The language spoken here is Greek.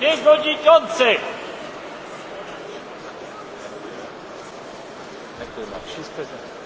Niegodzicący! Dziękuję bardzo.